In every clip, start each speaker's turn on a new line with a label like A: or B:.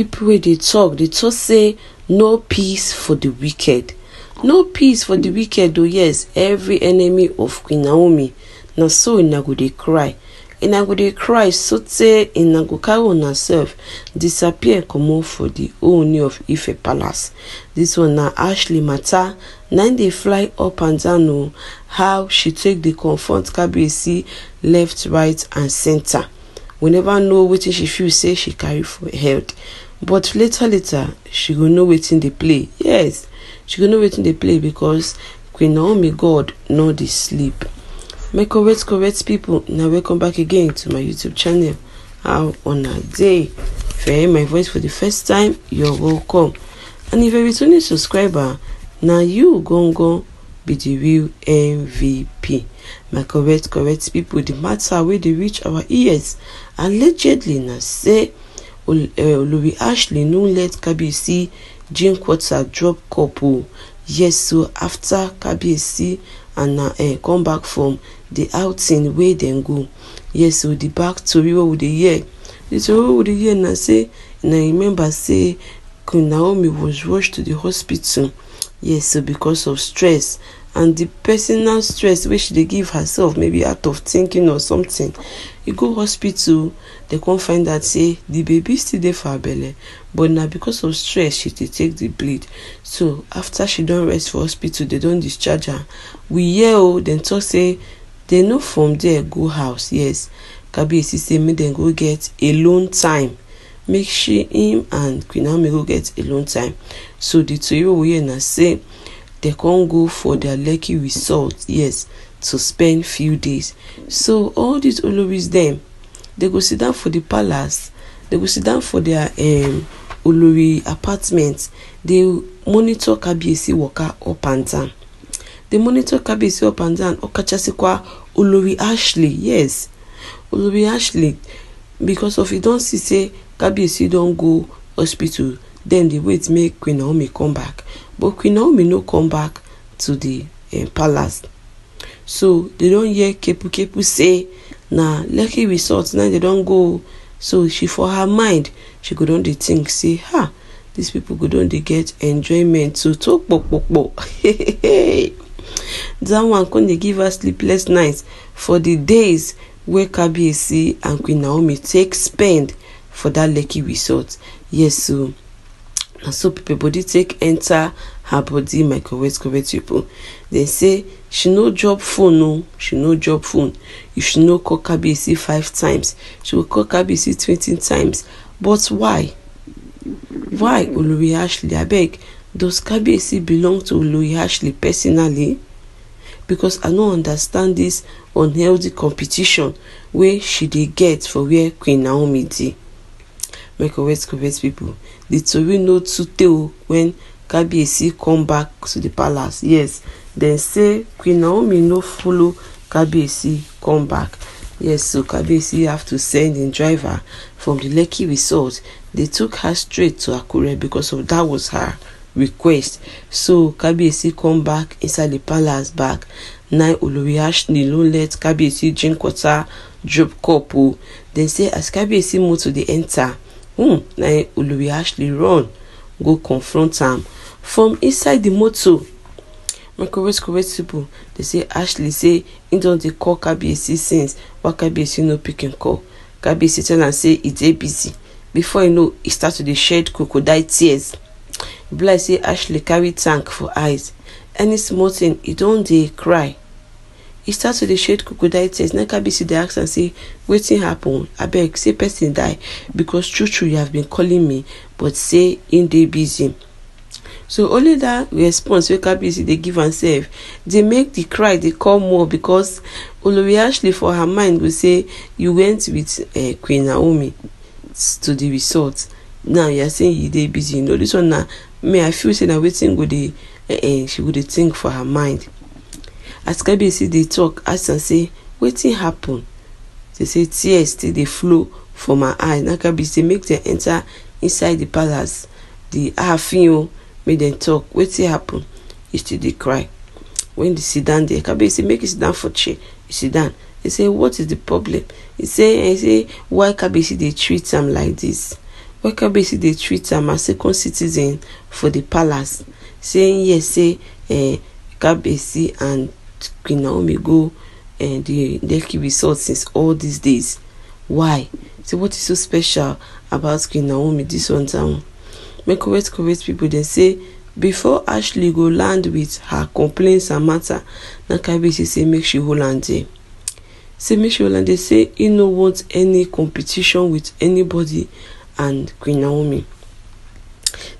A: People where they talk, they tok say no peace for the wicked no peace for the wicked o oh yes every enemy of queen naomi na so una go dey cry una go dey cry sotey una go carry una sef disappear comot for the owner of Ife palace This one na Ashley mata na they fly up and down know oh, how she take the confront KBC left right and center. we never know wetin she feels. say she carry for head but later later she will know in the play yes she will know in the play because queen naomi god know the sleep my correct correct people Now welcome back again to my youtube channel how una dey if you hear my voice for the first time you're welcome and if you're a returning subscriber now you gongon be the real mvp my correct correct people the matter where they reach our ears allegedly now say Eh, Olori Ashley no let Kavasu drink water drop cup oh, yes so after Kavasu and her eh, come back from the outing wey dem go yes so the back tori wey we dey hear the tori wey we dey hear na say na remember say Queen Naomi was rushed to the hospital yes so because of stress and the personal stress wey she dey give herself maybe out of thinking or something you go hospital dey come find out say the baby still dey for her belle but na because of stress she dey take the bleed so after she don rest for hospital they don discharge her we hear o oh, dem talk say they no from there go house yes kabiyesi say make dem go get alone time make she him and queen amiro get alone time so di tori wey hear na say dem con go for their lekki resort yes to spend few days so all these oloris dem dem go sit down for the palace dem go sit down for their um, olori apartment dey monitor kabiyesi waka up and down dey monitor kabiyesi up and down Kwa olori ashley yes olori ashley because of e don see say kabiyesi don go hospital Then dey wait make queen naomi come back but queen naomi no come back to the um, palace so dem don hear kepukepu say na lekki resort na dem don go so she for her mind she go don dey think say ha dis pipo go don dey get enjoyment to to kpokpokpo dat one come dey give her sleepless nights for di days wey kabiyesi and queen naomi take spend for that lucky result, yes o na so pipo body take enter her body my correct correct pipo dem say she no drop phone o she no drop phone if she no call KBC five times she go call KBC twenty times but why why olori ashley abeg does KBC belong to olori ashley personally because i no understand this unhealthy competition wey she dey get for where queen naomi dey Make may correct correct people the tori no to tell when kabiyesi come back to the palace yes then say queen naomi no follow kabiyesi come back yes so kabiyesi have to send in driver from the lekki resort they took her straight to akure because of that was her request so kabiyesi come back inside the palace back now olori ashni no let kabiyesi drink water drop couple. Then say as move to the enter whom na olori ashley run go confront am from inside di motor correct correct pipo dey say ashley say im don dey call KBC since why KBC no pick im call KBC tell am say e dey busy before you know e start to dey shed crocodile tears e be like say ashley carry tank for eyes any small thing e don dey cry e start to dey shed crocodile tears na kabisi dey ask am say wetin happen abeg say person die because true true you have been calling me but say im dey busy so only dat response wey kabisi dey give amsef dey make di cry dey come more because olori ashley for her mind go say you went with uh, queen naomi to di resort now you are saying you dey busy you know dis one na may i feel say na wetin go dey uh, uh, she go dey think for her mind as KBC dey talk, ask am say wetin happen? she say tears still dey flow for my eye na KBC make dem enter inside the palace The aafin o make dem tok wetin happen? e still dey cry When e sit down there KBC make e sit down for chair e sit down e say what is the problem e say say why KBC dey treat am like this? why KBC dey treat am as second citizen for the palace saying yes say eh, KBC and Queen Naomi go and the Lekki resort since all these days? Why? So what is so special about Queen Naomi this one time? Make correct, correct people they say before Ashley go land with her complaints and matter, na Kabiyesi say make she hold am there. Say make she hold am there say he no want any competition with anybody and Queen Naomi.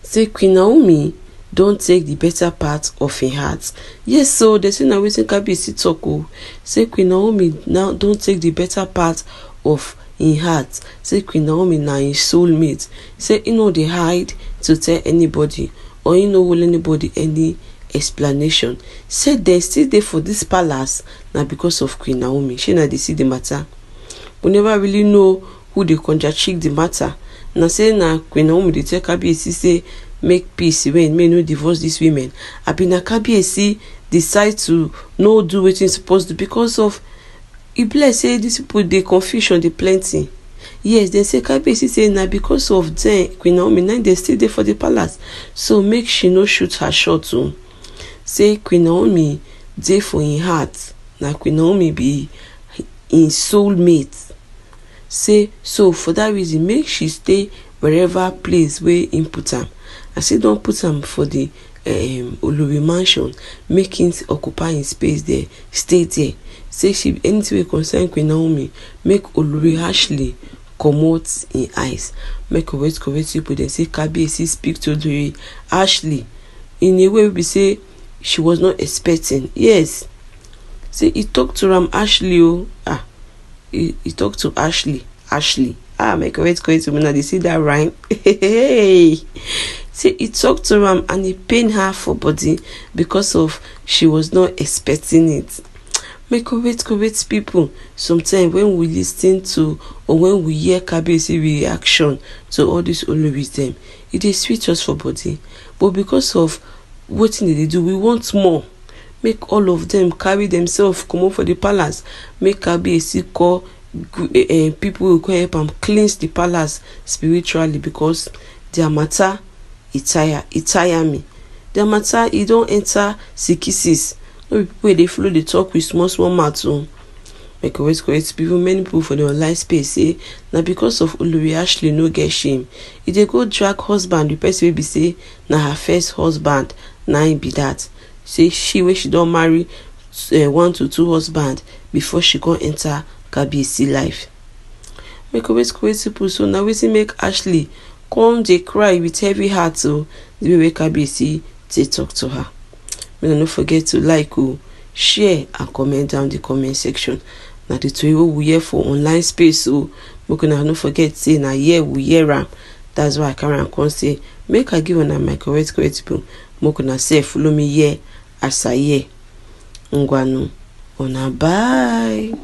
A: Say Queen Naomi don take the better part of im heart yes so dey say na wetin kabiyesi tok o oh, say queen naomi now don take the better part of im heart say queen naomi na im soul mate say he no dey hide to tell anybody or he no hold anybody any explanation say dem still dey for dis palace na because of queen naomi shey na dey see the matter we never really know who dey contradict the matter na say na queen naomi dey tell kabiyesi say make peace reign may no divorce these women abina kabiyesi decide to no do wetin he suppose do because of e bless say dis pipo dey confusion dey plenty yes dem say kabiyesi say na because of dem queen naomi na dem still dey for the palace so make she no shoot her shot o oh. say queen naomi dey for im heart na queen naomi be im soul mate say so for that reason make she stay wherever place wey im put am i still don't put am for the um, olori mansion making him occupy him space there stay there say she anything wey concern queen naomi make olori ashley comot in eyes make correct correct pipo dem say kabiyesi speak to the ashley in a way we say she was not expecting yes say he talked to Ram ashley oh ah he, he talked to ashley ashley ah make my correct to me now. They see that rhyme hey. See, he talked to Ram and he pained her for body because of she was not expecting it. My correct, correct people, sometimes when we listen to or when we hear Kabesi reaction to all this only with them, it e is sweet just for body. But because of what they do, we want more. Make all of them carry themselves, come up for the palace. Make Kabesi call uh, people who can help them cleanse the palace spiritually because their matter e tire e tire me The matter you don't enter sikisis no people wey dey follow dey talk with small small mouth o my correct correct people many people for the online space say eh? na because of olori ashley no get shame e dey go drag husband The person wey be say now her first husband na im be that say she where she don't marry uh, one to two husband before she go enter kabiyesi life make always correct people so we see make ashley Come they cry with heavy heart, oh, the way Kabisi, they talk to her. Make no forget to like, oh, share and comment down the comment section. Now the story we hear for online space, oh, make una no forget say na here we hear am. That's why I carry am come say, make I give una my correct correct bill. Make una say follow me here, as I hear. Ngwanu, una bye.